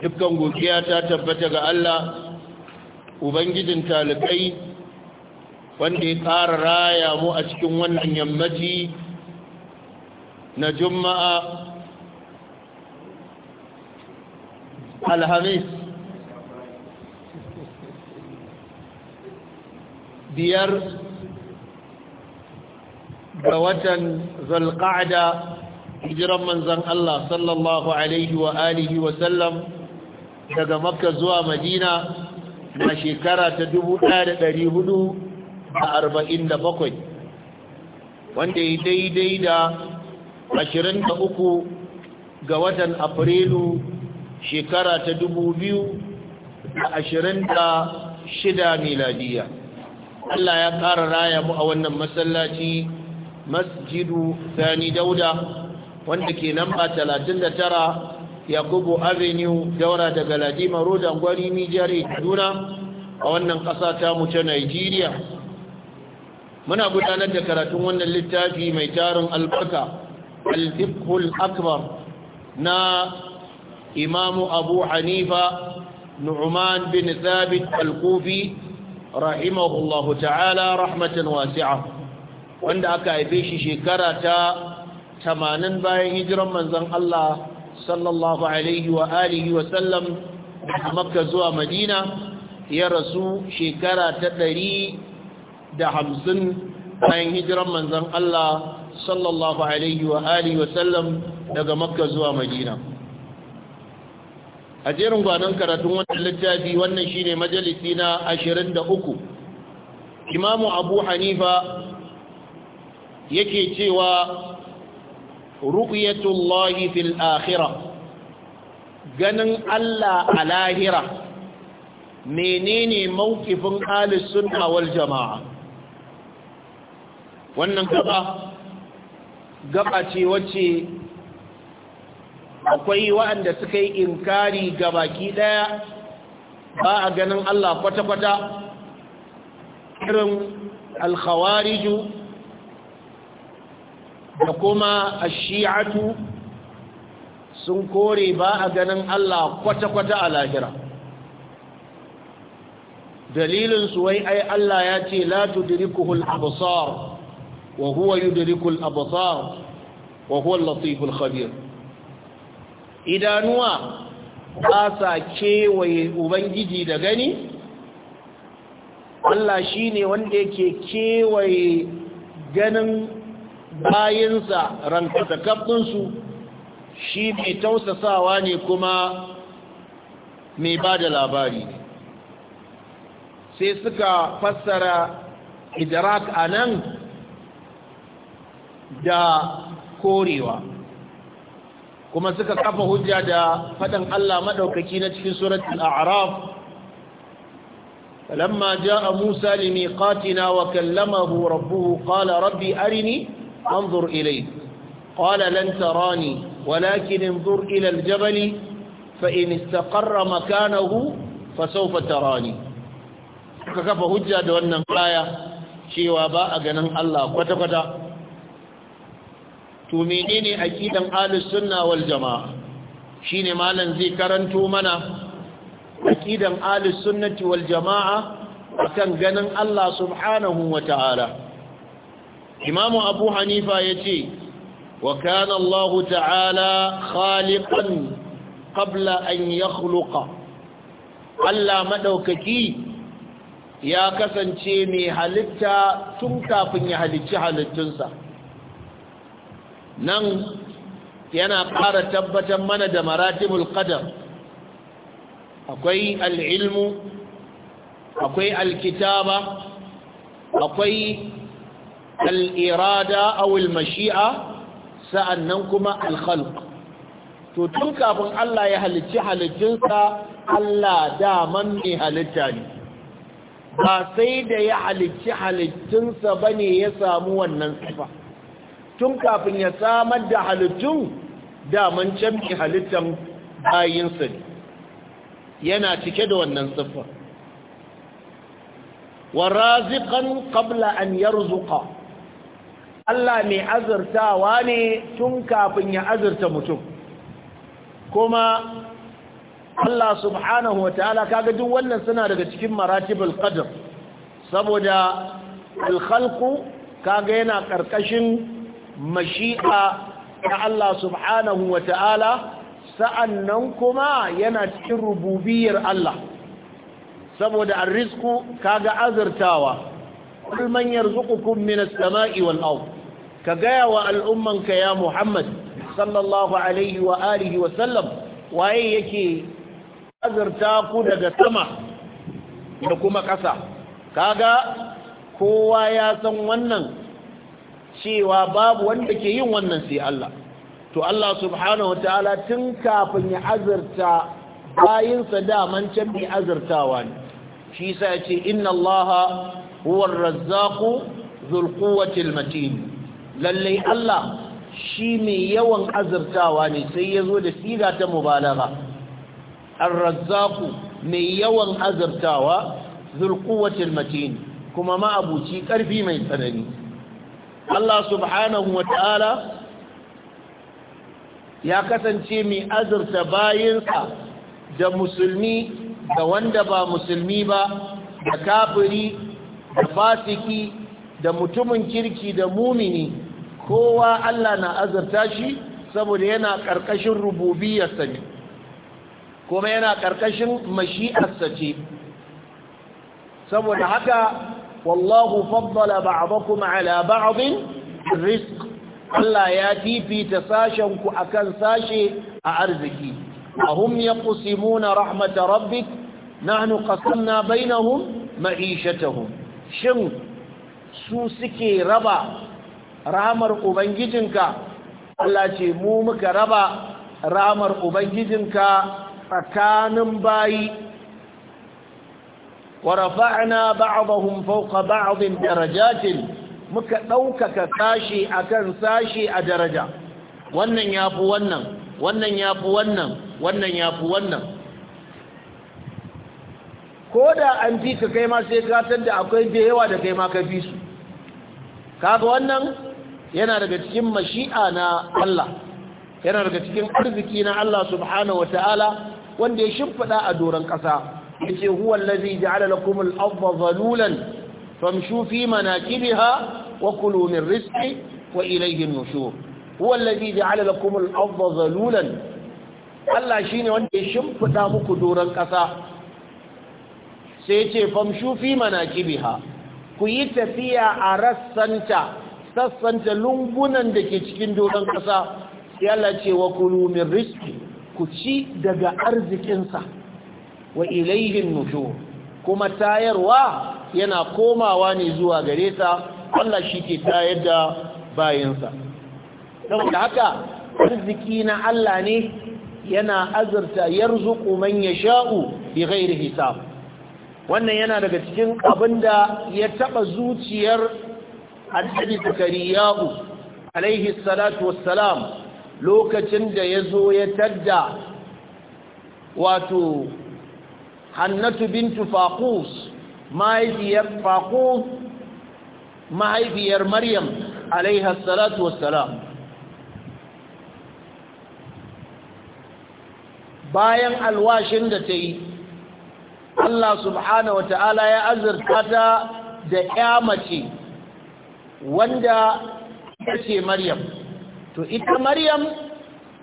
dukkan gogiya ta tabbata ga Allah ubangijin talibai wanda ya ƙara raya mu a cikin wannan yammaci na juma'a alhamis biyar ga watan zalƙa'ada hijiran manzan Allah sallallahu Alaihi wa alihi daga makka zuwa madina na shekara ta 1447 wanda ya daidai da 23 ga watan afrilu shekara ta 2026 miladiya Allah ya ƙara raya mu a wannan masallaci masjidu sani dauda wanda ke namba tara. yakubu avenue daura daga ladima road angwari nijari kaduna a wannan ƙasa ta mu ta nigeria muna gudanar da karatun wannan littafi mai tarin albarka al-fiqhul akbar na imamu abu hanifa nu'man bin thabit al-kufi rahimahullahu ta'ala rahmatan wasi'a wanda aka haife shi shekara ta 80 bayan hijiran manzon Allah sallallahu alaihi wa alihi wa sallam daga makka zuwa madina ya rasu shekara ta ɗari da hamsin bayan hijiran manzan Allah sallallahu alaihi wa alihi wa sallam daga makka zuwa madina a jerin gwanon karatun wannan littafi wannan shine majalisi na ashirin da uku. imamu abu hanifa yake cewa ru'yatullahi fil akhirah ganin Allah a lahira menene mawkifin halis sunna wal jama'a wannan gaba gaba ce wacce akwai waɗanda suka yi inkari ga baki ɗaya ba a ganin Allah kwata-kwata irin alkhawariju da kuma ashi'atu sun kore ba a ganin Allah kwata-kwata a lahira dalilin su wai ai Allah ya ce la tudrikuhu al-absar wa huwa yudriku al-absar wa huwa al-latif al-khabir idanuwa ba sa kewaye ubangiji da gani Allah shine wanda yake kewaye ganin bayinsa rankatakabinsu shi mai tausasawa ne kuma mai ba da labari sai suka fassara idrak a nan da korewa kuma suka kafa hujja da faɗin Allah maɗaukaki na cikin suratul a'raf فلما جاء موسى لميقاتنا وكلمه ربه قال ربي أرني انظر إليه قال لن تراني ولكن انظر إلى الجبل فإن استقر مكانه فسوف تراني كفى هجة دون آية شيوا باء جنن الله قتا قتا تؤمنيني أكيدا آل السنة والجماعة شين مالا زي كرنتو منا أكيدا آل السنة والجماعة akan ganin Allah subhanahu wa ta'ala imamu abu hanifa ya ce wa kana allahu ta'ala khaliqan qabla an yakhluqa allah madaukaki ya kasance mai halitta tun kafin ya halicci halittunsa nan yana ƙara tabbatar mana da maratibul qadar akwai al'ilmu akwai alkitaba akwai al'irada awil mashi'a sa'annan kuma alkhalq to tun kafin Allah ya halicci halittinsa Allah daman mai halitta ne ba sai da ya halicci halittunsa ba ne ya samu wannan sifa tun kafin ya samar da halittun daman can mai halittan bayinsa ne yana cike da wannan sifa wa raziƙan kabla an zuƙa. Allah mai azurtawa ne tun kafin ya azurta mutum kuma Allah subhanahu wa ta'ala kaga duk wannan suna daga cikin maratibul qadr saboda alkhalqu kaga yana karkashin mashi'a ta Allah subhanahu wa ta'ala sa'annan kuma yana cikin rububiyar Allah saboda arisku kaga azurtawa kul man yarzuqukum min samai wal ard ka gaya wa al'umman ka ya Muhammad sallallahu alaihi wa alihi wa sallam waye yake azurta ku daga sama da kuma ƙasa kaga kowa ya san wannan cewa babu wanda ke yin wannan sai Allah to Allah subhanahu wataala tun kafin ya azurta bayinsa daman can bi azurtawa ne shi sa ya ce inna allaha huwa ar-razzaqu dhul quwwati al lalle Allah shi mai yawan azurtawa ne sai yazo da siga ta mubalagha ar-razzaqu mai yawan azurtawa dhul quwwati al kuma ma abuci karfi mai tsanani Allah subhanahu wa ta'ala ya kasance mai azurta bayansa da musulmi da wanda ba musulmi ba da kafiri da fasiki da mutumin kirki da mumini kowa Allah na azarta shi saboda yana ƙarƙashin rububiyarsa ne kuma yana ƙarƙashin mashi'arsa ce saboda haka wallahu faddala ba'dakum ala ba'din rizq Allah ya fifita sashen ku akan sashe a arziki ahum yaqsimuna rahmat rabbik nahnu qasamna bainahum ma'ishatahum shin su suke raba ramar ubangijinka Allah ce mu muka raba ramar ubangijinka tsakanin bayi wa rafa'na ba'dahum fawqa ba'dhin darajatin muka ɗaukaka sashi akan sashi a daraja wannan yafi wannan wannan yafi wannan wannan yafi wannan ko da an fi ka kai ma sai katar da akwai da yawa da kai ma ka fi su kaga wannan yana daga cikin mashi'a na Allah yana daga cikin arziki na Allah subhanahu ta'ala wanda ya shimfiɗa a doron ƙasa yace huwa allazi ja'ala lakum al-ardha zalulan famshu fi manakibiha wa kulu min rizqi wa ilayhi an-nushur huwa allazi ja'ala lakum al-ardha zalulan Allah shine wanda ya shimfiɗa muku doron ƙasa sai ce famshu mana kibiha, ku yi tafiya a rassanta sassanta lungunan da ke cikin doron ƙasa Yalla ce wa kulu min rizqi ku ci daga arzikinsa wa ilayhin nuto kuma tayarwa yana komawa ne zuwa gare ta Allah shi ke tayar da bayansa saboda haka arziki na Allah ne yana azurta yarzuqu man yasha'u bi ghairi hisab wannan yana daga cikin abin da ya taɓa zuciyar annabi zakariyahu alaihi salatu wassalam lokacin da ya zo ya tadda wato hannatu bintu faqus mahaifiyar faqus mahaifiyar maryam alaiha salatu wassalam bayan alwashin da ta yi Allah subhanahu wa ta'ala ya azurta ta da ya mace wanda ya ce Maryam to ita Maryam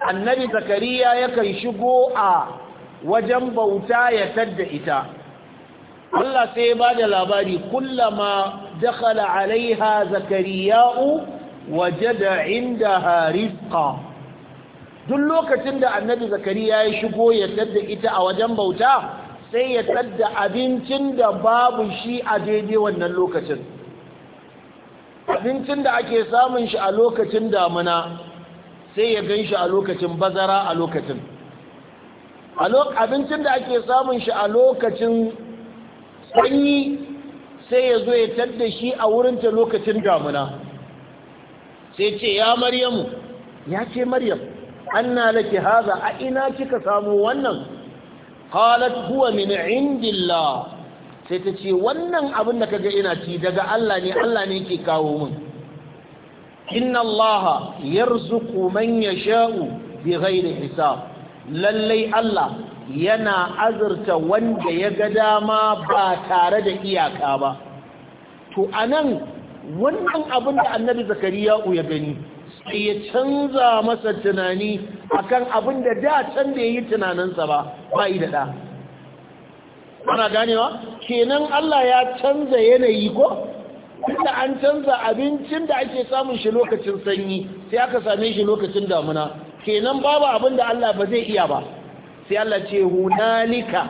annabi zakariya yakan shigo a wajen bauta ya tadda ita Allah sai ba da labari kullama dakhala alaiha zakariya'u da Inda, rizqa duk lokacin da annabi zakariya ya shigo ya tadda ita a wajen bauta sai ya tsada abincin da babu shi a daidai wannan lokacin abincin da ake samun shi a lokacin damuna sai ya gan shi a lokacin bazara a lokacin abincin da ake samun shi a lokacin sanyi sai ya zo ya tadda shi a wurinta lokacin damuna sai ce ya maryamu ya ce maryam na lake haza a ina kika samu wannan qalat huwa min indillah sai ta ce wannan abin da kaga ina ci daga Allah ne Allah ne yake kawo mun inna Allah yarzuqu man yasha'u bighairi hisab lallai Allah yana azurta wanda ya ga dama ba tare da iyaka ba to anan wannan abin da Annabi Zakariya ya gani sai ya canza masa tunani akan abin da da can da yi tunaninsa ba ba da da ana ganewa kenan Allah ya canza yanayi ko inda an canza abincin da ake samun shi lokacin sanyi sai aka same shi lokacin damuna kenan babu abin da Allah ba zai iya ba sai Allah ce hunalika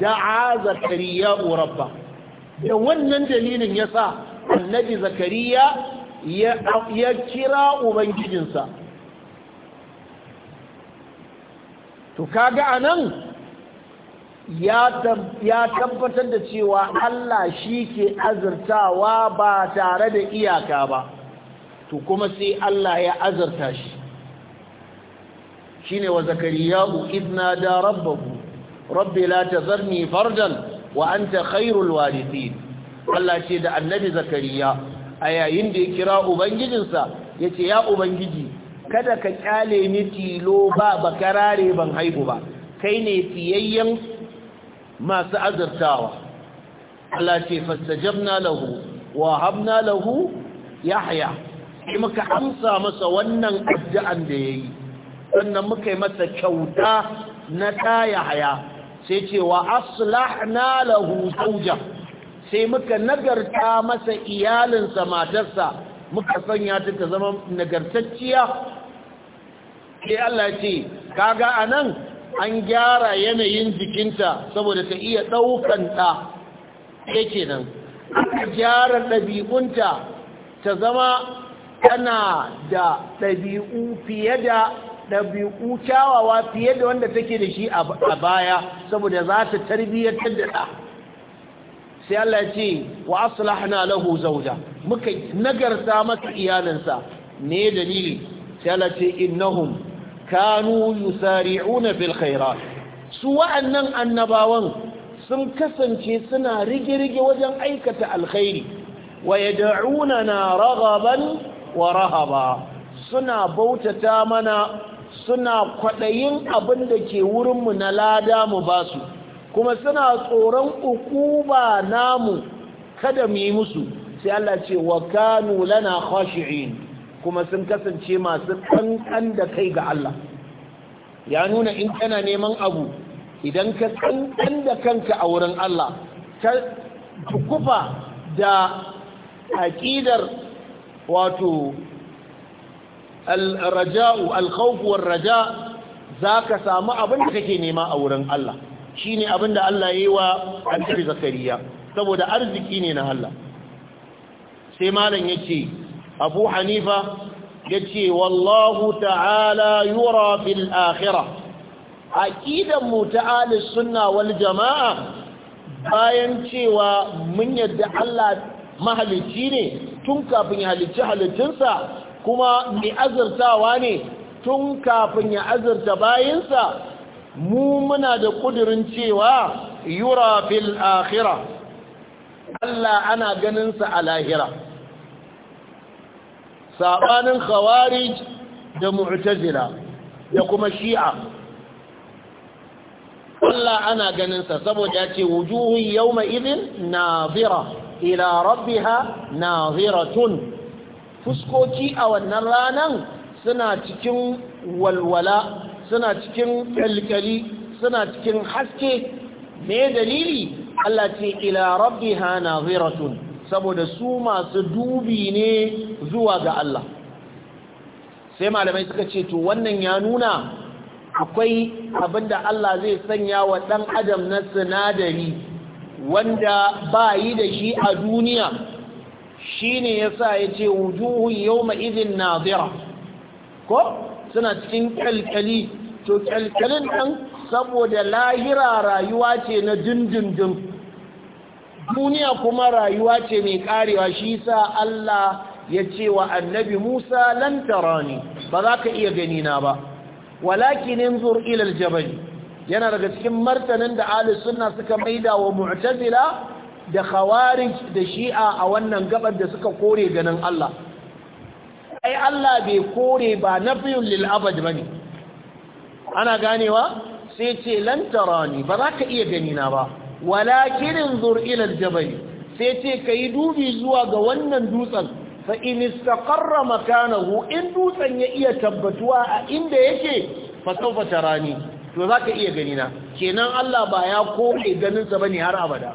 da'a zakariya rabba da wannan dalilin ya sa annabi zakariya ya kira ubangijinsa to kaga anan ya tabbatar da cewa Allah shi ke azurtawa ba tare da iyaka ba to kuma sai Allah ya azurta shi shine wa zakariyahu idna da rabbahu rabbi la tazarni fardan wa anta khairul warithin Allah ce da annabi zakariya a yayin da ya kira ubangijinsa ya ce ya ubangiji kada ka kyale ni tilo ba bakarare ban haihu ba kai ne fiyayyen masu azurtawa Allah ce na lahu wa habna lahu ya haya? sai muka amsa masa wannan addu'an da ya yi, sannan muka yi masa kyauta na ta ya haya? sai ce wa na lahu sauja. sai muka nagarta masa iyalinsa matarsa muka sanya ta ta zama nagartacciya sai Allah ce kaga anan an gyara yanayin jikinta saboda ta iya ɗaukan ta yake nan aka gyara ɗabi'unta ta zama tana da ɗabi'u fiye da ɗabi'u kyawawa fiye da wanda take da shi a baya saboda za ta tarbiyyar da ta sai Allah ya ce wa aslahna lahu zawja muka nagarta masa iyalansa ne dalili sai Allah ce innahum kanu yusari'una bil khairat su wa'annan annabawan sun kasance suna rige-rige wajen aikata alkhairi wa na raghaban wa rahaba suna bautata mana suna kwadayin abin da ke wurinmu na lada mu basu kuma suna tsoron ukuba namu kada mu yi musu sai Allah ce wa kanu lana khashi'in kuma sun kasance masu kankan da kai ga Allah ya nuna in kana neman abu idan ka kankan da kanka a wurin Allah ta kufa da aqidar wato al-raja'u al-khawf war-raja' zaka samu abin da kake nema a wurin Allah shine ne abinda Allah yi wa annabi zakariya saboda arziki ne na Allah sai malam yace Abu Hanifa yace wallahu ta'ala yura fil akhira. aqidan mu ta'ala sunna wal jamaa bayan cewa mun yadda Allah mahalicci ne tun kafin ya halicci halittinsa kuma mai azurtawa ne tun kafin ya azurta bayinsa mu muna da kudirin cewa yura fil akhirah Allah ana ganinsa a lahira sabanin khawarij da mu'tazila da kuma shi'a Allah ana ganinsa saboda ya ce wujuhu yawma idhin nazira ila rabbiha naziratun Fuskoci a wannan ranan suna cikin walwala suna cikin kalkali suna cikin haske me dalili Allah ce ila rabbiha naziratun saboda su masu dubi ne zuwa ga Allah sai malamai suka ce to wannan ya nuna akwai abinda Allah zai sanya wa ɗan adam na sinadari wanda ba yi da shi a duniya shine yasa yace wujuhun ma idhin nazira ko suna cikin ƙalƙali? to kyalkyalin ɗan saboda lahira rayuwa ce na dindindin duniya kuma rayuwa ce mai karewa shi sa Allah ya ce wa annabi Musa lan tarani ba za ka iya gani na ba walakin inzur ila aljabal yana daga cikin martanin da Ali sunna suka maida wa mu'tazila da khawarij da shi'a a wannan gabar da suka kore ganin Allah ai Allah bai kore ba nafiyun lil abad bane ana ganewa sai ce lan ba za ka iya ganina ba walakirin zur ila aljabal sai ce yi dubi zuwa ga wannan dutsen fa in istaqarra makanahu in dutsen ya iya tabbatuwa a inda yake fasaufata rani to za ka iya ganina kenan Allah ba ya kome ganinsa ba bane har abada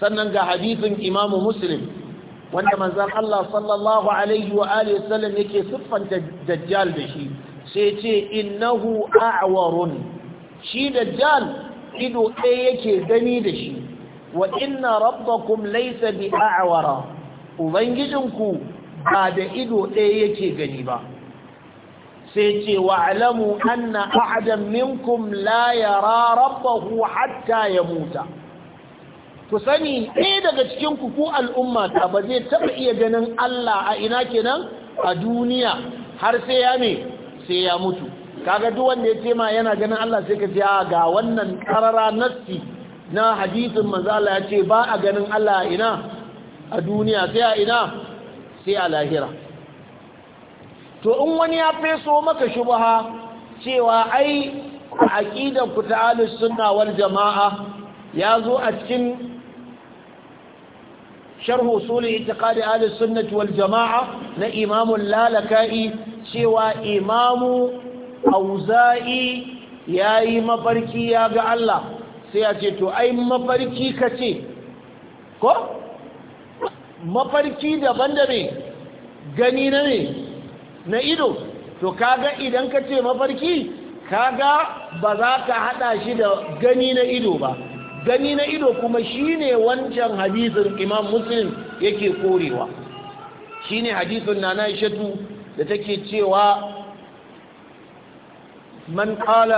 sannan ga hadisin Imam Muslim wanda manzon Allah sallallahu alaihi wa alihi wasallam yake siffanta dajjal da shi sai ce innahu a'warun shi da dajjal ido ɗaya yake gani da shi wa inna rabbakum laysa bi a'wara ubangijinku ba da ido ɗaya yake gani ba sai ce wa alamu anna ahadan minkum la yara rabbahu hatta yamuta ku sani ɗaya daga cikin ku ku al'umma ta ba zai taɓa iya ganin Allah a ina kenan a duniya har sai ya ne sai ya mutu kaga duk wanda ya ce ma yana ganin Allah sai ka ce a ga wannan karara nassi na hadisin manzo Allah ya ce ba a ganin Allah ina a duniya sai a ina sai a lahira to in wani ya feso maka shubha cewa ai aqidar ku ta ahlus sunna wal jamaa ya zo a cikin sharh usul i'tiqad ahlus sunnah wal jamaa na imam lalakai cewa imamu wuza'i ya yi mafarki ya ga Allah sai ya ce to ai mafarki ka ce ko? mafarki daban da mai gani na mai na ido to kaga idan ka ce mafarki kaga ba za ka hada shi da gani na ido ba gani na ido kuma shi ne wancan hadisin imam muslim yake korewa shine hadisin na na shatu da take cewa من قال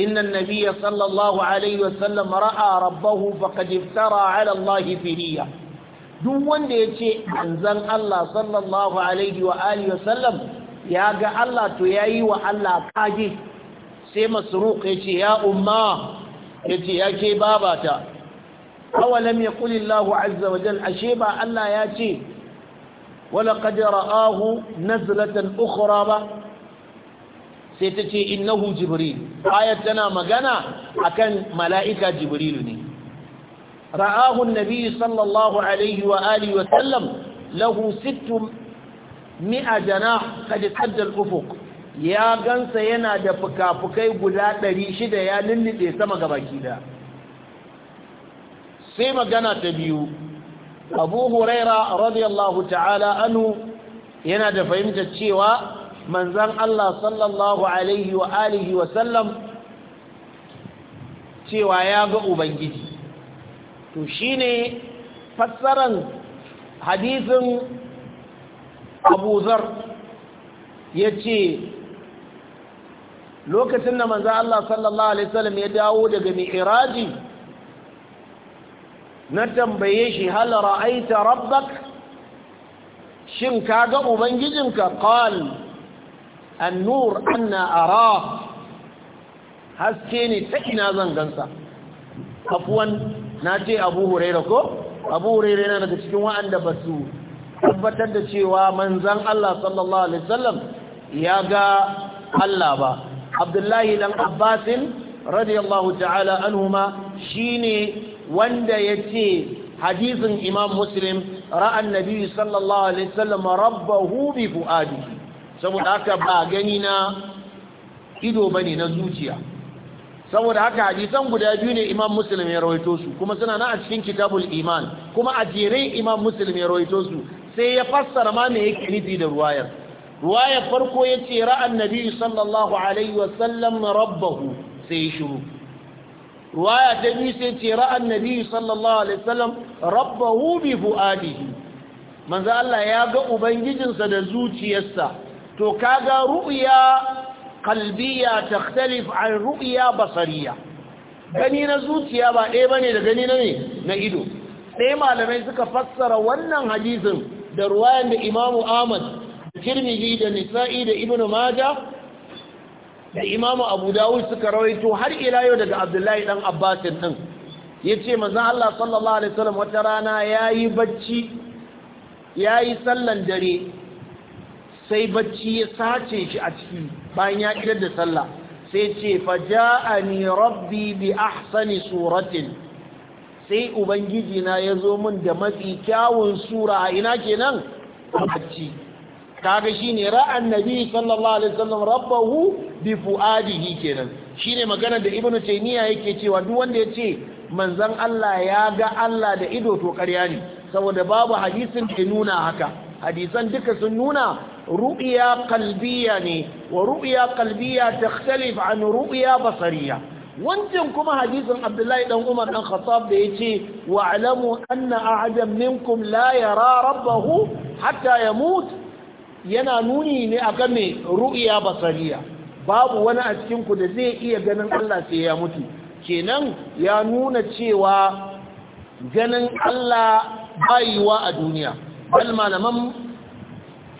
إن النبي صلى الله عليه وسلم رأى ربه فقد افترى على الله فهية duk wanda ya ce manzan Allah sallallahu alaihi wa sallam ya ga Allah to ya yi wa Allah kage sai masruq ya ce ya umma ya ya ke babata awalam ya kulillahu azza wa ashe ba Allah ya ce ولقد رآه نزلة أخرى با سيتتي إنه جبريل آيتنا مغانا أكن ملائكة جبريل ني رآه النبي صلى الله عليه وآله وسلم له ست مئة جناح قد سد الأفق ya gansa yana da fuka-fukai guda ɗari shida ya lullube sama gabaki da sai magana ta biyu abu huraira radiyallahu ta'ala anhu yana da fahimtar cewa manzan Allah sallallahu alaihi wa alihi wa sallam cewa ya ga ubangiji to shine fassaran hadisin Abu Zar ce lokacin da manzan Allah sallallahu alaihi wa sallam ya dawo daga mi'raji na tambaye shi hal ra'aita rabbak shin kaga ubangijinka qal an-nur anna ara haske ne ta ina zan gansa afwan nace abu hurairah ko abu hurairah yana daga cikin wa'anda basu tabbatar da cewa manzon Allah sallallahu alaihi wasallam ya ga Allah ba Abdullahi dan Abbasin radiyallahu ta'ala anhuma shine wanda ya ce hadisin imam muslim ra'an nabi sallallahu alaihi wasallam rabba bi fu'adihi saboda haka ba gani na ido bane na zuciya saboda haka hadisan guda biyu ne imam muslim ya rawaito su kuma suna na a cikin kitabul iman kuma a jere imam muslim ya rawaito su sai ya fassara ma me yake nufi da ruwayar ruwayar farko ya ce ra'an nabi sallallahu alaihi wasallam rabbahu sai ya shiru ruwaya ta biyu sai ce ra'an nabi sallallahu alaihi wasallam rabbahu bi fuadihi manzo Allah ya ga ubangijinsa da zuciyarsa to kaga ru'ya qalbiyya takhtalif an ru'ya basariyya gani na zuciya ba ɗaya bane da gani na na ido sai malamai suka fassara wannan hadisin da ruwayan da Imam Ahmad Tirmidhi da Nisa'i da Ibn Majah da imamu abu dawud suka rawaito har ila yau daga abdullahi dan abbasin din ya ce maza Allah sallallahu alaihi wasallam wata rana ya yi bacci ya yi sallan dare sai bacci ya sace shi a ciki bayan ya idar da sallah sai ce faja'ani rabbi bi ahsani suratin sai ubangiji na ya zo min da mafi kyawun sura ina kenan a bacci kaga shine ra'an nabi sallallahu alaihi wasallam rabbahu bi fuadihi kenan shine magana da ibnu taymiya yake cewa duk wanda yace manzon Allah ya ga Allah da ido to ƙarya ne saboda babu hadisin da nuna haka hadisan duka sun nuna ru'ya qalbiyya ne wa ru'ya qalbiyya takhtalif an ru'ya basariyya wancan kuma hadisin Abdullahi dan Umar dan Khattab da yace wa alamu anna ahadan minkum la yara rabbahu hatta yamut yana nuni ne akan me ru'ya basariya babu wani a cikin ku da zai iya ganin Allah sai ya mutu kenan ya nuna cewa ganin Allah bayiwa a duniya bal malaman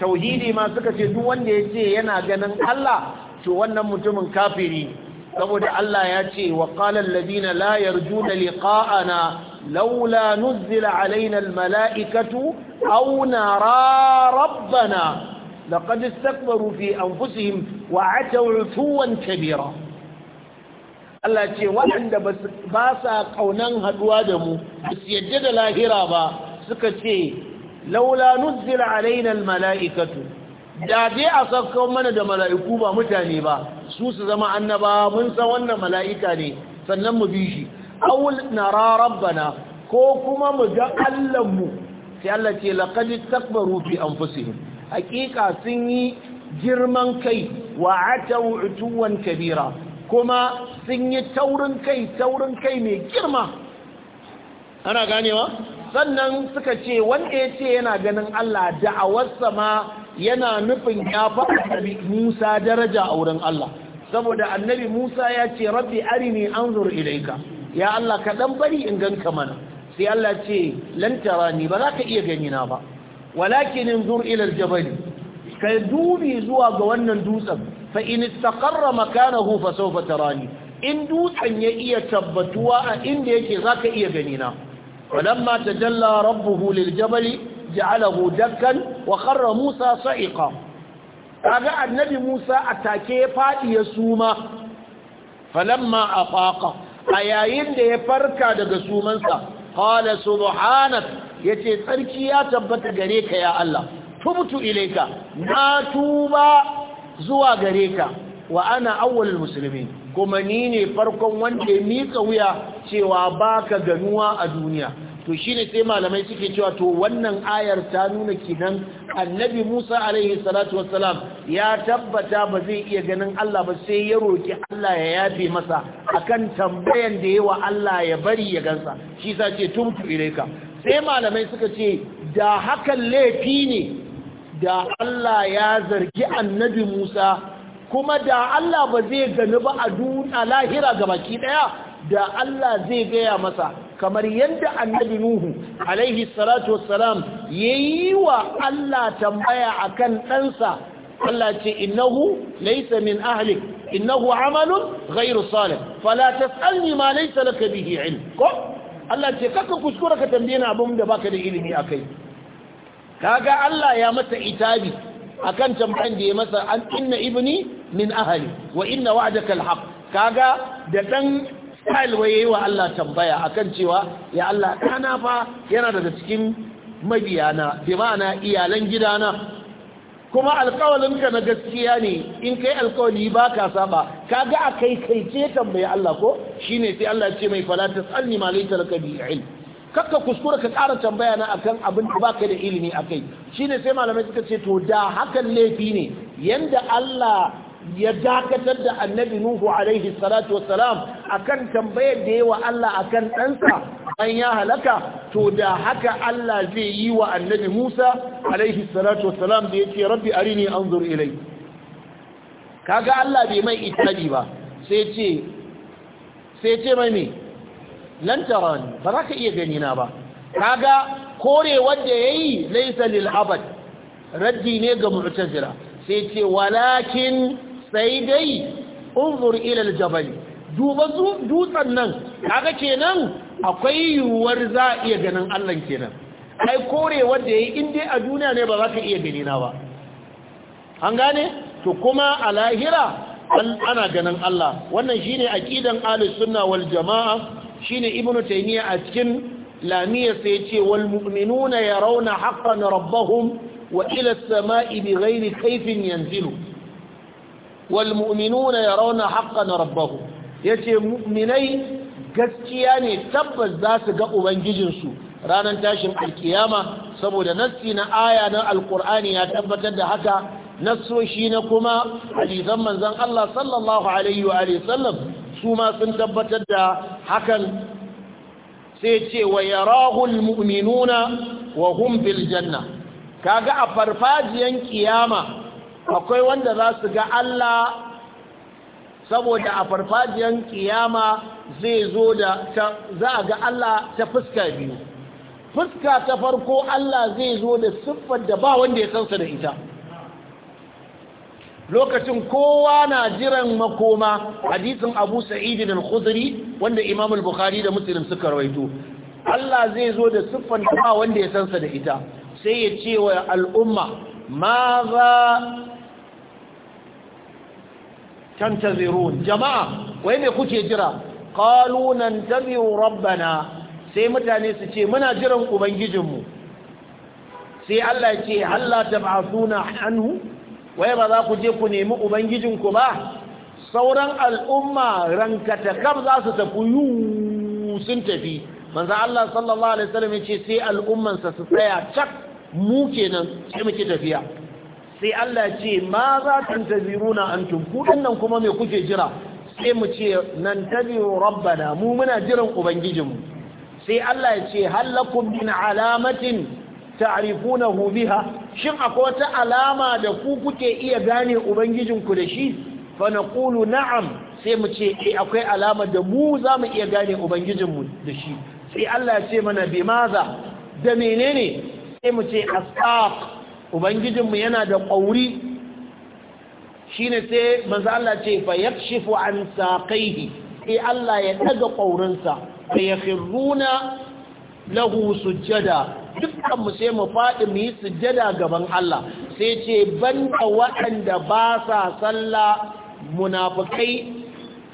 tauhidi ma suka ce duk wanda ya ce yana ganin Allah to wannan mutumin kafiri saboda Allah ya ce wa qala alladhina la yarjuna liqa'ana laula nuzila alaina almala'ikatu aw nara rabbana لقد استكبروا في أنفسهم وعتوا عتوا كبيرا Allah ce waɗanda ba sa ƙaunan haɗuwa da mu ba su yadda da lahira ba suka ce laula nuzzila alaina mala'ikatu da dai a sauko mana da mala'iku ba mutane ba su su zama annaba mun san wannan mala'ika ne sannan mu bi shi awul nara rabbana ko kuma mu ga Allah mu sai Allah ce laqad takbaru fi anfusihim hakika sun yi girman kai wa atau utuwan kabira kuma sun yi taurin kai taurin kai mai girma ana ganewa sannan suka ce wanda ya ce yana ganin Allah da'awarsa ma yana nufin ya faɗi Musa daraja a wurin Allah saboda annabi Musa ya ce rabbi arini anzur ilaika ya Allah ka dan bari in ganka mana sai Allah ce lantara ni ba za ka iya gani na ba walakin inzur ila aljabal ka dubi zuwa ga wannan dutsen fa in istaqarra makanahu fa sawfa tarani in dutsen ya iya tabbatuwa a inda yake zaka iya gani na walamma tajalla rabbuhu liljabali ja'alahu dakkan wa kharra musa sa'iqa kaga annabi musa atake ya fadi ya suma falamma afaqa a yayin da ya farka daga sumansa qala subhanak ya ce tsarki ya tabbata gare ka ya Allah tubutu ilaika na tuba zuwa gare ka wa ana awwalul muslimin kuma ni ne farkon wanda ya mika wuya cewa baka ganuwa a duniya to shine sai malamai suke cewa to wannan ayar ta nuna kinan annabi Musa alaihi salatu wassalam ya tabbata ba zai iya ganin Allah ba sai ya roki Allah ya yafe masa akan tambayan da yawa Allah ya bari ya gansa shi sa ce tumtu ilaika sai malamai suka ce da hakan laifi ne da Allah ya zargi annabi Musa kuma da Allah ba zai gani ba a duna lahira ga baki daya da Allah zai gaya masa kamar yadda annabi Nuhu alaihi salatu wassalam yayi wa Allah tambaya akan ɗansa Allah ce innahu laysa min ahlik innahu amalun ghairu salih fala tasalni ma laysa laka bihi ilm ko Allah ce kakka kuskura ka tambaye ni abin da baka da ilimi akai kaga Allah ya mata itabi akan tambayan da ya masa an inna ibni min ahli wa inna wa'daka alhaq kaga da dan style waye wa Allah tambaya akan cewa ya Allah dana fa yana daga cikin mabiyana bi ma'ana iyalan gidana kuma alkawalinka na gaskiya ne in kai alkawali ba ka saba kaga a kai kai ce tambaye Allah ko shine sai Allah ce mai fala tasalni ma laysa laka bi ilm kakka kuskura ka ƙara tambaya na akan abin da baka da ilimi akai shine sai malamai suka ce to da hakan laifi ne yanda Allah ya dakatar da annabi Nuhu alaihi salatu wassalam akan tambayar da yawa Allah akan ɗansa an ya halaka to da haka Allah zai yi wa annabi Musa alaihi salatu wassalam da yace rabbi arini anzur ilai kaga Allah bai mai itali ba sai ce sai ce mai me lan tarani ba za ka iya gani na ba kaga kore wanda yayi laysa lil abad raddi ne ga mu'tazila sai ce walakin sai dai unzur ila al jabal duba dutsen nan kaga kenan akwai yiwuwar za a iya ganin Allah kenan ai kore wanda yayi in dai a duniya ne ba za ka iya gani na ba an gane to kuma a lahira ana ganin Allah wannan shine aqidan ahlus sunna wal jamaa shine ibnu taymiya a cikin lamiya sai yace wal mu'minuna yarawna haqqan rabbahum wa ila as-samaa'i bighairi kayfin yanzilu wal mu'minuna yarawna haqqan rabbahum yace mu'minai gaskiya ne tabbas za su ga ubangijinsu ranar tashin alkiyama saboda nassi na aya na alkur'ani ya tabbatar da haka nassoshi na kuma hadisan manzon Allah sallallahu alaihi wa sallam su ma sun tabbatar da hakan sai ce wa yarahu almu'minuna wa hum bil janna kaga a farfajiyan kiyama akwai wanda za su ga Allah saboda a ƙiyama kiyama zai zo da za a ga Allah ta fuska biyu fuska ta farko Allah zai zo da siffar da ba wanda ya sansa da ita lokacin kowa na jiran makoma hadisin Abu Sa'id al-Khudri wanda Imam al-Bukhari da Muslim suka rawaito Allah zai zo da siffar da ba wanda ya sansa da ita sai ya ce wa al'umma ma za tantazirun jama'a wai me kuke jira qalu nantaziru rabbana sai mutane su ce muna jiran ubangijinmu sai Allah ya ce halla tab'athuna anhu wai ba za ku je ku nemi ubangijinku ba sauran al'umma rankata kam za su tafi yu sun tafi manzo Allah sallallahu alaihi wasallam ya ce sai al'ummansa su tsaya cak mu kenan sai muke tafiya sai Allah ce ma za ta taziruna antum ku kuma me kuke jira sai mu ce nan tabi'u rabbana mu muna jiran ubangijinmu sai Allah ya ce halakum min alamatin ta'rifunahu biha shin akwai wata alama da ku kuke iya gane ubangijinku da shi fa naqulu na'am sai mu ce eh akwai alama da mu za mu iya gane ubangijinmu da shi sai Allah ya ce mana maza. da menene sai mu ce asaq ubangijinmu yana da ƙauri Shi ne sai manzo Allah ce fa yakshifu an saqaihi sai Allah ya ɗaga ƙaurinsa fa yakhruna lahu sujjada dukkan mu sai mu faɗi mu yi sujjada gaban Allah sai ce ban da waɗanda ba sa sallah munafukai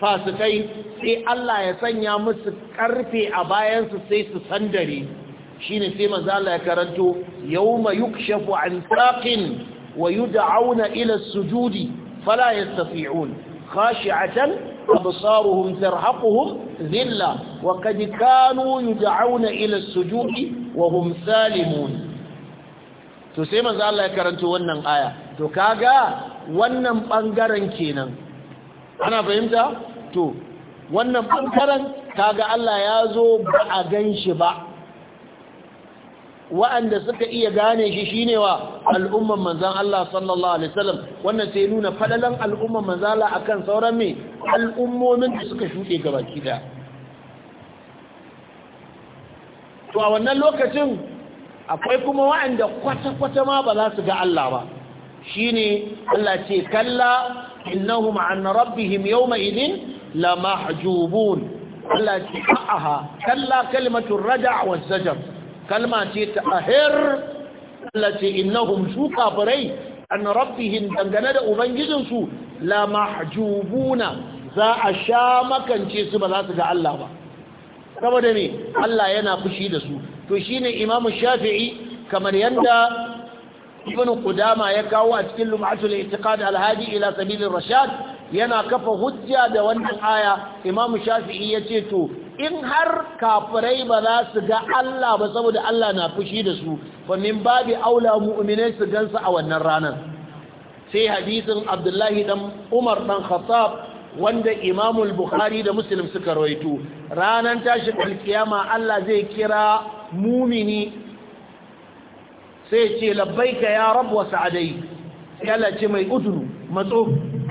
fasikai sai Allah ya sanya musu ƙarfe a bayansu sai su sandare shine sai manzo Allah ya karanto yawma yukshafu an saqin wa yud'auna ila as-sujudi fala yastati'un khashi'atan absaruhum tarhaquhum dhilla wa qad kanu yud'auna ila as-sujudi wa hum salimun to sai manzo Allah ya karanto wannan aya to kaga wannan bangaren kenan ana fahimta to wannan bangaren kaga Allah ya zo ba a ganshi ba wa'anda suka iya gane shi shine wa al'umman manzan Allah sallallahu alaihi wasallam wannan sai nuna fadalan al'umman manzala akan sauran mai al'ummomin da suka shuɗe gaba da to a wannan lokacin akwai kuma wa'anda kwata-kwata ma ba za su ga Allah ba shine Allah ce kalla innahum an rabbihim yawma idin lamahjubun Allah ce a'a kalla kalimatu raja' wa zajar kalma ce ta ahir Allah ce innahum su kafirai an rabbihim dangane da ubangijinsu la mahjubuna za a sha makance su ba za su ga Allah ba saboda me Allah yana fushi da su to shine Imam Shafi'i kamar yanda Ibn Qudama ya kawo a cikin Lum'atul I'tiqad al-Hadi ila Sabil ar-Rashad yana kafa hujja da wannan aya Imam Shafi'i yace to in har kafirai ba za su ga Allah ba saboda Allah na fushi da su fa min babi aula mu'minai su gansu a wannan ranar sai hadisin Abdullahi dan Umar dan Khattab wanda imamul bukhari da Muslim suka rawaito ranar tashi alkiyama Allah zai kira mumini sai ce labbaika ya rabu wa sa'adai yalla ce mai uduru matso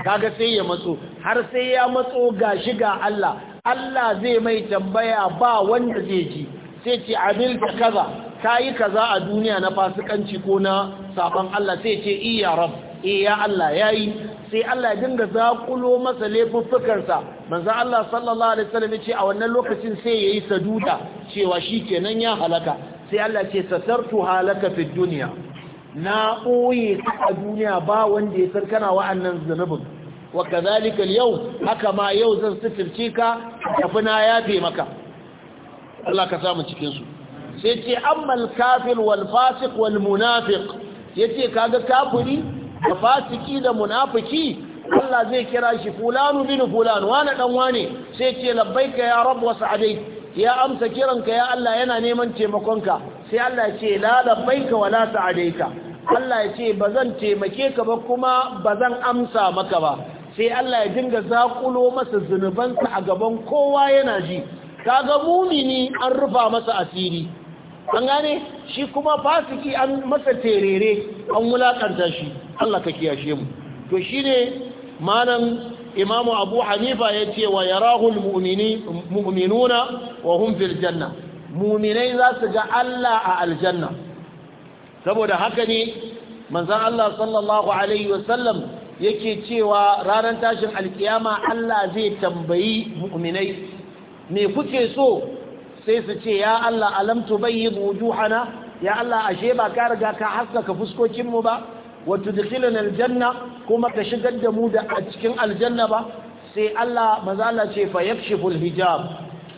kaga sai ya matso har sai ya matso gashi ga Allah Allah zai mai tambaya ba wanda zai ji sai ce abin ta kaza ta yi kaza a duniya na fasikanci ko na sabon Allah sai ce iya rab eh, ya Allah ya yi sai Allah ya dinga zakulo masa laifuffukarsa manzan Allah sallallahu alaihi wasallam ce a wannan lokacin sai ya yi saduda cewa shi kenan ya halaka sai Allah ce satartu halaka fi duniya na ɓoye a duniya ba wanda ya san kana wa'annan zunubin wa kadhalika al-yawm haka ma yau zan sitirce ka tafi yafe maka Allah ka samu cikin su sai ce ammal kafir wal fasiq wal munafiq yace kaga kafiri da fasiki da munafiki Allah zai kira shi fulanu bin fulan wani dan wane sai ce labbaika ya rabb wa sa'adai ya amsa kiranka ya Allah yana neman taimakonka sai Allah ya ce la labbaika wa la sa'adaika Allah ya ce bazan taimake ka ba kuma bazan amsa maka ba sai Allah ya dinga zakulo masa zunubansa a gaban kowa yana ji kaga mumini an rufa masa asiri an gane shi kuma fasiki an masa terere an wulaƙanta shi Allah ka kiyashe mu to shine malam Imam Abu Hanifa yace wa yarahul mu'minuna wa hum fil janna mu'minai za su ga Allah a aljanna saboda haka ne manzon Allah sallallahu alaihi wasallam yake cewa ranar tashin alkiyama Allah zai tambayi mu'minai me kuke so sai su ce ya Allah alamtu tubayyid wujuhana ya Allah ashe ba ka riga ka haskaka fuskokin mu ba wa tudkhilana aljanna kuma ka shigar da mu da a cikin aljanna ba sai Allah mazala ce fa yakshiful hijab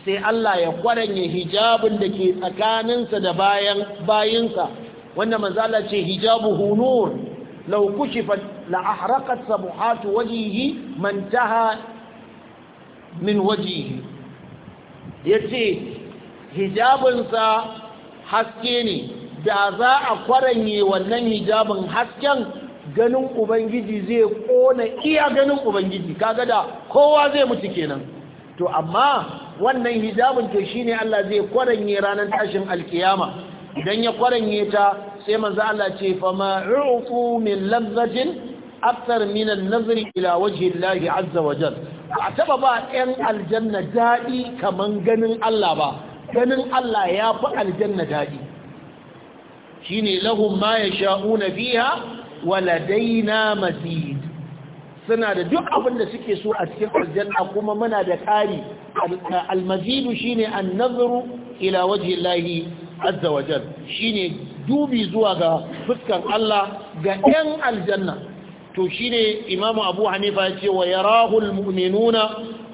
sai Allah ya kwaranye hijabin da ke tsakaninsa da bayan bayinsa wanda mazala ce hijabu hunur لو كشفت لأحرقت صبحات وجهه ما انتهى من وجهه يتي hijabinsa haske ne da za a kwaranye wannan hijabin hasken ganin ubangiji zai kona iya ganin ubangiji kaga da kowa zai mutu kenan to amma wannan hijabin to shine Allah zai kwaranye ranar tashin alkiyama idan ya kwaranye ta sai manzo Allah ce fa ma'ufu min lazzatin akthar min an-nazr ila wajhi Allah azza wa jalla a taba ba ɗan aljanna daɗi kaman ganin Allah ba ganin Allah ya fi aljanna daɗi shine lahum ma yasha'una fiha wa ladaina mazid suna da duk abin da suke so a cikin aljanna kuma muna da ƙari almazidu shine an-nazru ila wajhi Allah azza wa jalla shine dubi zuwa ga fuskar Allah ga 'yan aljanna to shine imamu abu hanifa ya ce wa yarahul mu'minuna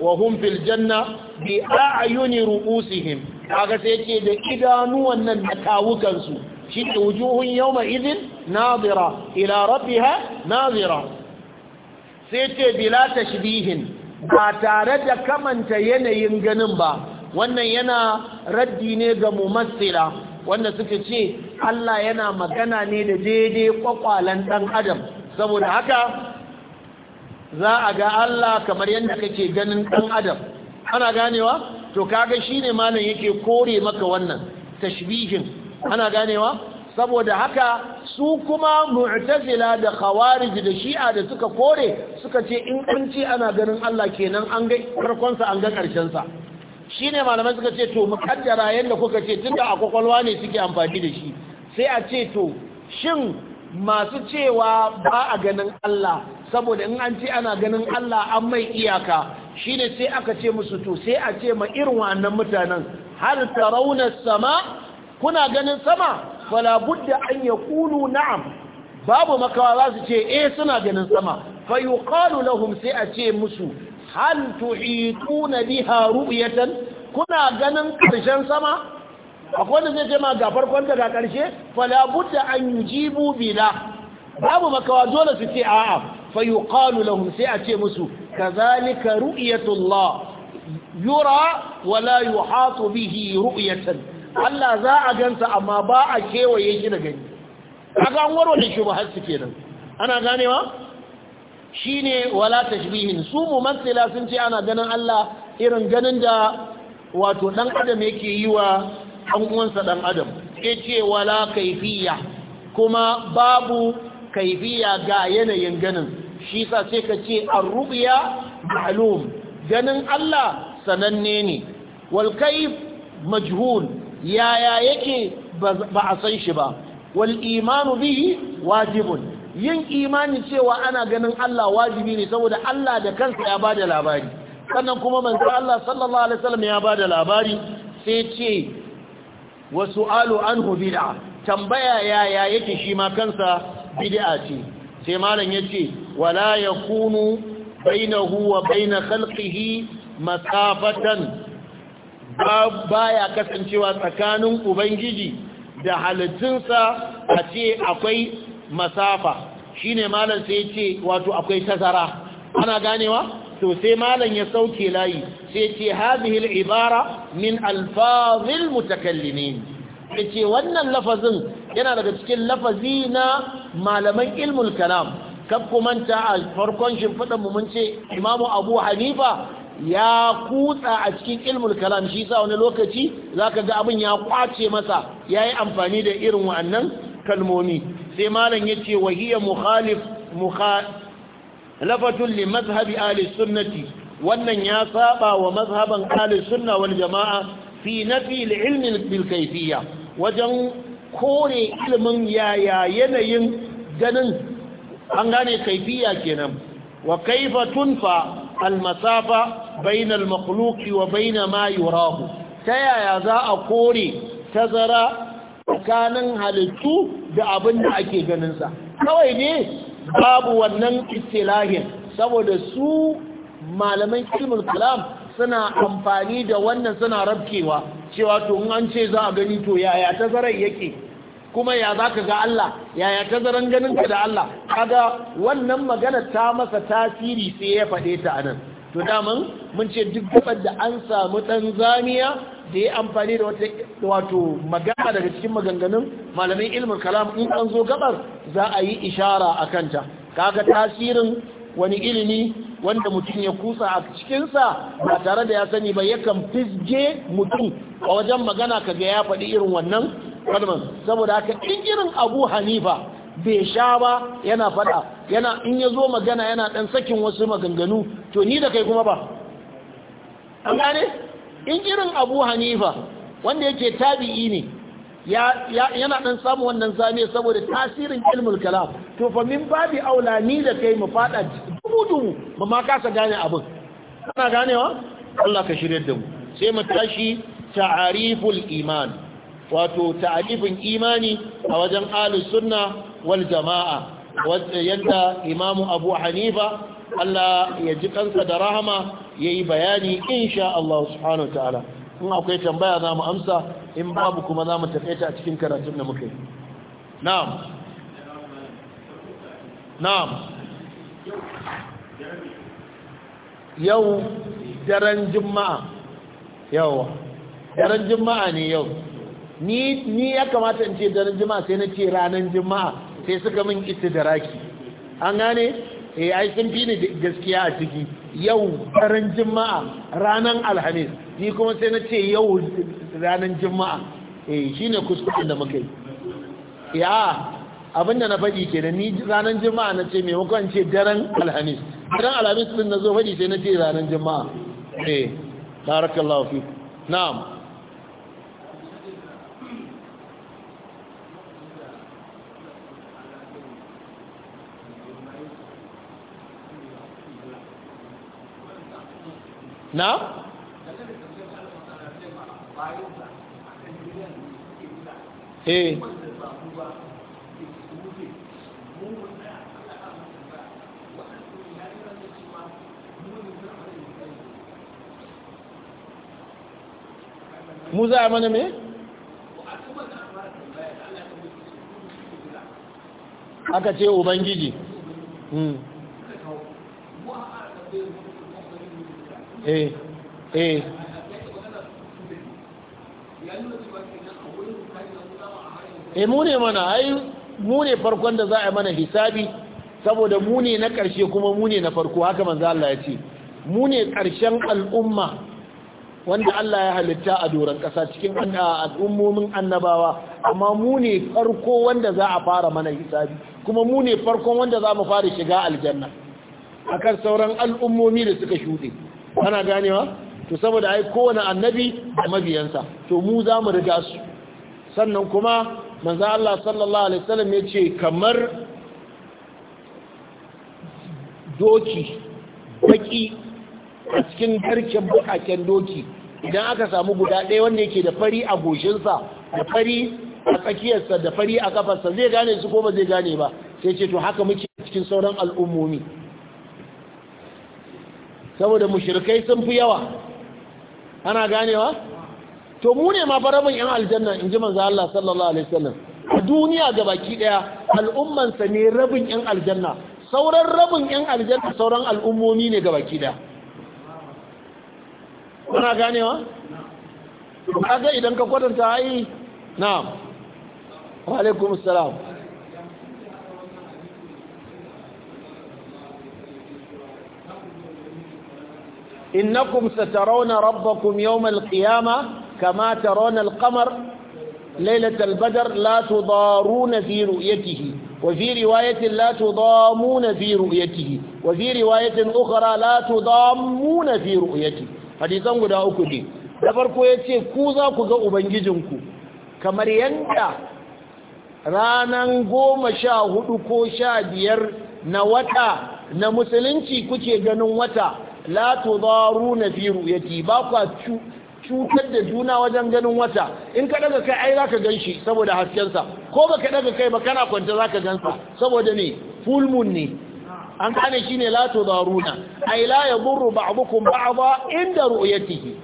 wa hum janna bi a'yuni ru'usihim kaga sai yake da idanuwan nan da kawukan shi ne wujuhun yawma Izin Nazira, ila rabbiha Nazira. sai ce bila tashbihin ba tare da kamanta yanayin ganin ba wannan yana raddi ne ga mumassila wanda suka ce Allah yana magana ne da daidai kwakwalen ɗan adam saboda haka za a ga Allah kamar yadda kake ganin ɗan adam ana ganewa to kaga shine malam yake kore maka wannan tashbihin ana ganewa saboda haka su kuma mu'tazila da khawarij da shi'a da suka kore suka ce in kun ce ana ganin Allah kenan an ga farkonsa an ga karshen sa shi ne malamai suka ce to mukaddara yadda kuka ce tunda a kwakwalwa ne suke amfani da shi sai a ce to shin masu cewa ba a ganin Allah saboda in an ce ana ganin Allah an mai iyaka shi ne sai aka ce musu to sai a ce ma irin wannan mutanen har tarauna sama kuna ganin sama fala budda an yaqulu na'am babu makawa za su ce eh suna ganin sama fa yuqalu lahum sai a ce musu hal tuhituna biha ru'yatan kuna ganin karshen sama akwai da zai ce ma ga farkon daga karshe fala budda an yujibu bila babu makawa dole su ce a'a fa yuqalu lahum sai a ce musu kazalika ru'yatullah yura wala yuhatu bihi ru'yatan Allah za a gansa amma ba a kewaye shi da gani kaga an warware shi ba har su kenan ana ganewa shine wala tashbihin su mumassila sun ce ana ganin Allah irin ganin da wato dan adam yake yi wa dan uwansa dan adam yace wala kaifiya kuma babu kaifiya ga yanayin ganin shi sa sai ka ce ar-ru'ya ma'lum ganin Allah sananne ne wal kayf majhul yaya yake ba a san shi ba wal imanu bihi wajibun yin imani cewa ana ganin Allah wajibi ne saboda Allah da kansa ya bada labari sannan kuma manzo Allah sallallahu alaihi wasallam ya bada labari sai ce wa su'alu anhu bid'a tambaya yaya yake shi ma kansa bid'a ce sai malam yace wala yakunu bainahu wa bain khalqihi masafatan baya kasancewa tsakanin ubangiji da halittunsa a ce akwai masafa shine malam sai yace wato akwai tazara ana ganewa to sai malam ya sauke layi sai ce hadhihi al-ibara min alfazil mutakallimin yace wannan lafazin yana daga cikin lafazi na malaman ilmul kalam kab kumanta a farkon shimfidan mu mun ce imamu abu hanifa ya kutsa a cikin ilmul kalam shi sa wani lokaci zaka ga abin ya kwace masa yayi amfani da irin wannan kalmomi sai malam yace wahiya mukhalif mukhalafatun li mazhabi ahli wannan ya saba wa mazhaban ahli sunna jamaa fi nafi ilmin bilkaifiyya. wajen kore ilmin yaya yanayin ganin an gane kaifiya kenan wa kaifa tunfa almasafa bain almakhluqi wa bain ma yurahu ta yaya za a kore tazara tsakanin halittu da abin da ake sa. kawai ne babu wannan istilahin saboda su malaman ilmul kalam suna amfani da wannan suna rabkewa cewa to in an ce za a gani to yaya tazarar yake kuma ya za ka ga Allah yaya tazaran ganinka da Allah kaga wannan magana ta masa tasiri sai ya faɗe ta anan to daman mun ce duk gabar da an samu Tanzaniya da ya amfani da wata wato magana daga cikin maganganun malamin ilmin kalam in an zo gabar za a yi ishara a kanta kaga tasirin wani ilimi wanda mutum ya kusa a cikinsa ba tare da ya sani ba yakan fisge mutum a wajen magana kaga ya faɗi irin wannan kalmar saboda haka in irin abu hanifa bai sha ba yana fada yana in ya zo magana yana dan sakin wasu maganganu to ni da kai kuma ba an gane in irin abu hanifa wanda yake tabi'i ne yana dan samun wannan zane saboda tasirin ilmul kalam to fa min babi aula ni da kai mu fada dubu dubu ba ma kasa gane abin kana ganewa Allah ka shirye da mu sai mu tashi ta'ariful iman wato ta'alifin imani a wajen ahlus sunna wal jama'a wanda yadda imamu abu hanifa Allah ya ji kansa da rahama yayi bayani insha Allah subhanahu ta'ala in akwai tambaya za mu amsa in babu kuma za mu tafaita a cikin karatun da muke na'am na'am yau daren juma'a yawa daren juma'a ne yau ni ni ya kamata in ce daren juma'a sai na ce ranar juma'a sai suka min istidraki an gane eh ai sun fi ni gaskiya a ciki yau daren juma'a ranar alhamis ni kuma sai na ce yau ranar juma'a eh shine kuskuren da muka yi ya abinda na faɗi da ni ranar juma'a na ce maimakon ce daren alhamis daren alhamis din na zo faɗi sai na ce ranar juma'a eh barakallahu fi na'am na? eh ya a mana me? aka ce ubangiji hmm. eh eh, eh ne mana ai mu ne farkon da za a mana hisabi saboda mu ne na ƙarshe kuma mu ne na farko haka manzo Allah ya ce mu ne ƙarshen al'umma wanda Allah ya halitta a doron ƙasa cikin al'ummomin annabawa amma mu ne farko wanda za a fara mana hisabi kuma mu ne farkon wanda za mu fara shiga aljanna akan sauran al'ummomi da suka shuɗe ana ganewa to saboda ai kowane annabi da mabiyansa to mu za mu riga su sannan kuma manzo Allah sallallahu alaihi wasallam ya ce kamar doki baki a cikin garken bukaken doki idan aka samu guda ɗaya wanda yake da fari a goshinsa da fari a tsakiyarsa da fari a kafarsa zai gane su ko ba zai gane ba sai ce to haka muke cikin sauran al'ummomi saboda mushrikai sun fi yawa ana ganewa to mu ne ma farabin yan aljanna in ji manzo Allah sallallahu alaihi wasallam a duniya gabaki daya al'umman sa ne rabin yan aljanna sauran rabin yan aljanna sauran al'ummomi ne gabaki daya ana ganewa kaga idan ka kwatanta ai na'am wa alaikumus salam innakum satarawna rabbakum yawmal qiyama kama tarawna al-qamar laylatal badr la tudaruna fi ru'yatihi wa fi riwayatin la tudamuna fi ru'yatihi wa fi riwayatin ukhra la tudamuna fi ru'yatihi hadisan guda uku ne da farko yace ku za ku ga ubangijinku kamar yanda ranan goma sha hudu ko sha biyar na wata na musulunci kuke ganin wata la tudaruna fi ru'yati ba kwa cutar da juna wajen ganin wata in ka daga kai ai zaka ganshi saboda haskensa ko ka daga kai ba kana kwanta zaka gansa saboda ne full ne an gane shine la tudaruna ai la yadurru ba'dukum ba'dha inda ru'yatihi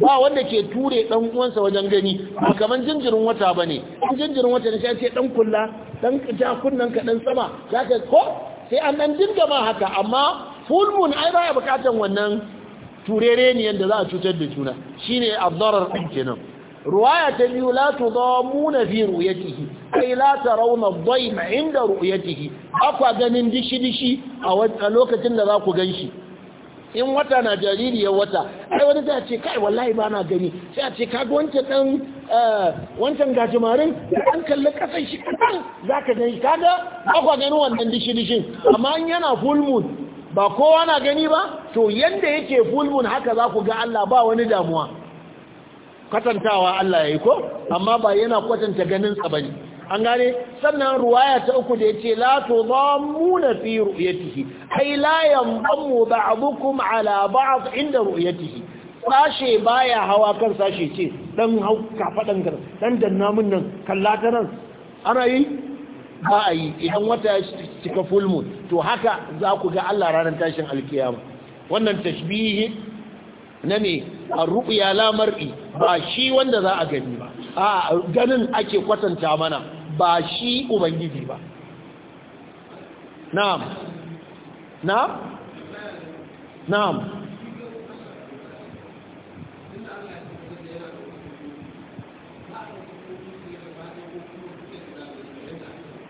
ba wanda ke ture dan uwansa wajen gani ba kaman jinjirin wata bane in jinjirin wata ne sai ce dan kulla dan ja kunnan ka dan sama ko sai an dan dinga ma haka amma Fulmun ai baya bukatan wannan turere ne da za a cutar da juna shine abdarar din kenan ruwaya ta biyu la tudamuna fi ru'yatihi kai la tarawna ad inda ru'yatihi akwa ganin dishi dishi a lokacin da za ku ganshi in wata na jaririyar wata ai wani zai ce kai wallahi ba na gani sai a ce kaga wancan dan eh, wancan gajimarin an kalli kasan shi kadan zaka gani kaga akwa ganin wannan dishi dishin amma in yana full moon ba kowa na gani ba to yanda yake fulmun haka za ku ga Allah ba wani damuwa kwatantawa Allah ya yi ko amma ba yana kwatanta ganin tsabani an gane sannan ruwaya ta uku da ya ce la to ba fi ru'yatihi ai la yanzamu ba'dukum ala ba'd inda ru'yatihi sashe baya hawa kan sashe ce dan hau fadan gar dan danna mun nan kallata nan ana yi ba a yi idan wata ya cika full to haka za ku ga Allah ranar tashin alkiyama wannan tashbihi na ne a rubiya lamarɗi, ba shi wanda za a gani ba a ganin ake kwatanta mana ba shi ubangiji ba na'am na'am na'am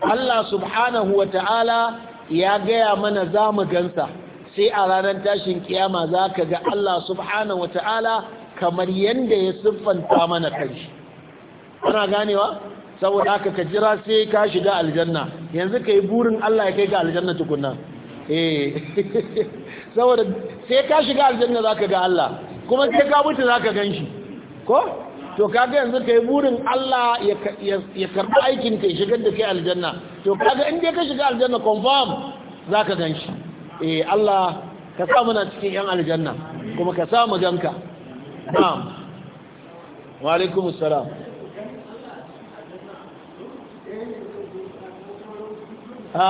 Allah subhanahu wa ta'ala ya gaya mana za mu gansa sai a ranar tashin kiyama za ka ga Allah subhanahu wa ta'ala kamar yadda ya siffanta mana kanshi kuna ganewa saboda haka ka jira sai ka shiga aljanna yanzu ka yi burin Allah ya kai ga aljanna tukunna eh saboda sai ka shiga aljanna za ka ga Allah kuma sai ka mutu za ka gan shi ko to kaga yanzu kai burin Allah ya karbi aikin kai shigar da kai aljanna to kaga in dai ka shiga aljanna confirm zaka ganshi eh Allah ka sa muna cikin yan aljanna kuma ka sa mu ganka na'am wa alaikum salam a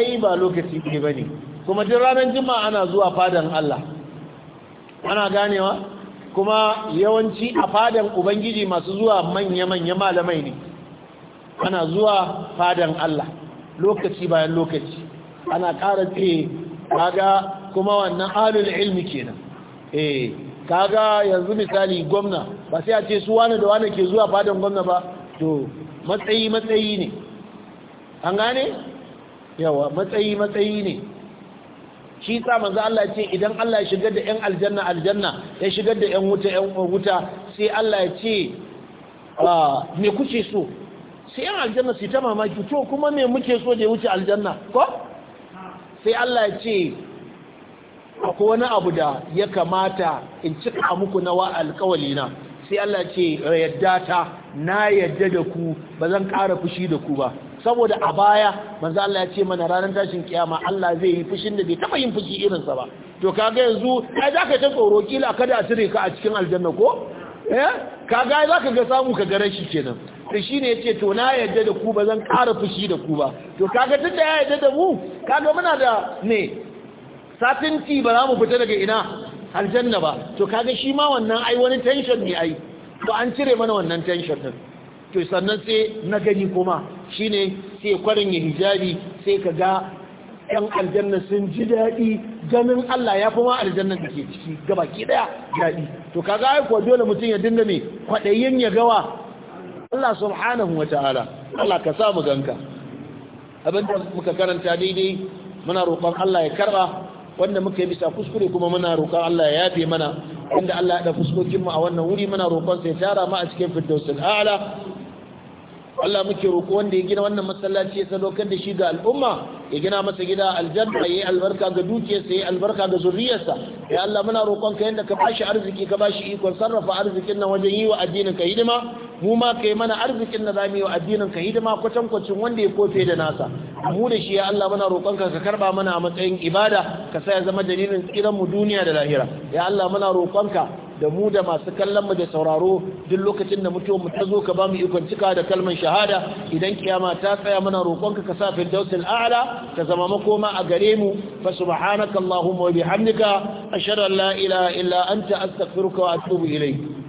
ai ba lokaci ne bane kuma duk ranar juma'a ana zuwa fadan Allah ana ganewa kuma yawanci a fadan ubangiji masu zuwa manya-manya malamai ne ana zuwa fadan Allah lokaci bayan lokaci ana ƙara ce kaga kuma wannan alul ilmi kenan eh kaga yanzu misali gwamna ba sai a ce su wani da wani ke zuwa fadan gwamna ba to matsayi matsayi ne an gane yawa matsayi matsayi ne shi sa manzo Allah ce idan Allah ya shigar da ƴan aljanna aljanna ya shigar da ƴan wuta ƴan wuta sai Allah ya ce ah, me kuke so sai ƴan aljanna su ta mamaki to kuma me muke so da ya wuce aljanna ko sai Allah ya ce akwai wani abu da ya kamata in cika muku na wa na, sai Allah ya ce yadda ta na yadda da ku ba zan ƙara fushi da ku ba saboda a baya manzo Allah ya ce mana ranar tashin kiyama Allah zai yi fushin da bai taba yin fushi irin sa ba to kaga yanzu ai zaka ta tsoro kila kada a cire ka a cikin aljanna ko eh kaga ai zaka ga samu ka ga rashi kenan to shine yace to na yadda da ku ba zan ƙara fushi da ku ba to kaga tunda ya yadda da mu kaga muna da ne satinti ba za mu fita daga ina aljanna ba to kaga shi ma wannan ai wani tension ne ai to an cire mana wannan tension din to sannan sai na gani kuma shine sai kwarin ya hijabi sai ka ga yan aljanna sun ji daɗi ganin Allah ya fi ma aljannan da ke ciki gaba ki ɗaya daɗi to kaga ai kuwa dole mutum ya dinga mai kwaɗayin ya gawa Allah subhanahu wa ta'ala Allah ka samu ganka abinda muka karanta daidai muna roƙon Allah ya karɓa wanda muka yi bisa kuskure kuma muna roƙon Allah ya yafe mana inda Allah ya da fuskokin mu a wannan wuri muna roƙon sa ya tara mu a cikin firdausul a'la Allah muke roƙo wanda ya gina wannan masallaci ya sadaukar da shi ga al'umma ya gina masa gida aljanna yayi albarka ga dukiyarsa yayi albarka ga zuriyarsa ya Allah muna roƙon ka yanda ka bashi arziki ka bashi ikon sarrafa arzikin nan wajen yi wa addinin ka hidima mu ma kai mana arzikin da zamu yi wa addinin ka hidima kwatan kwacin wanda ya kofe da nasa mu da shi ya Allah muna roƙon ka ka karba mana a matsayin ibada ka sa ya zama dalilin tsiran mu duniya da lahira ya Allah muna roƙon ka da mu da masu kallon mu da sauraro duk lokacin da mutum mu ta zo ka bamu ikon cika da kalman shahada idan kiyama ta tsaya mana roƙonka ka sa firdausul a'la ka zama makoma a gare mu fa subhanakallahumma wa bihamdika ashhadu an la ilaha illa anta astaghfiruka wa atubu ilayk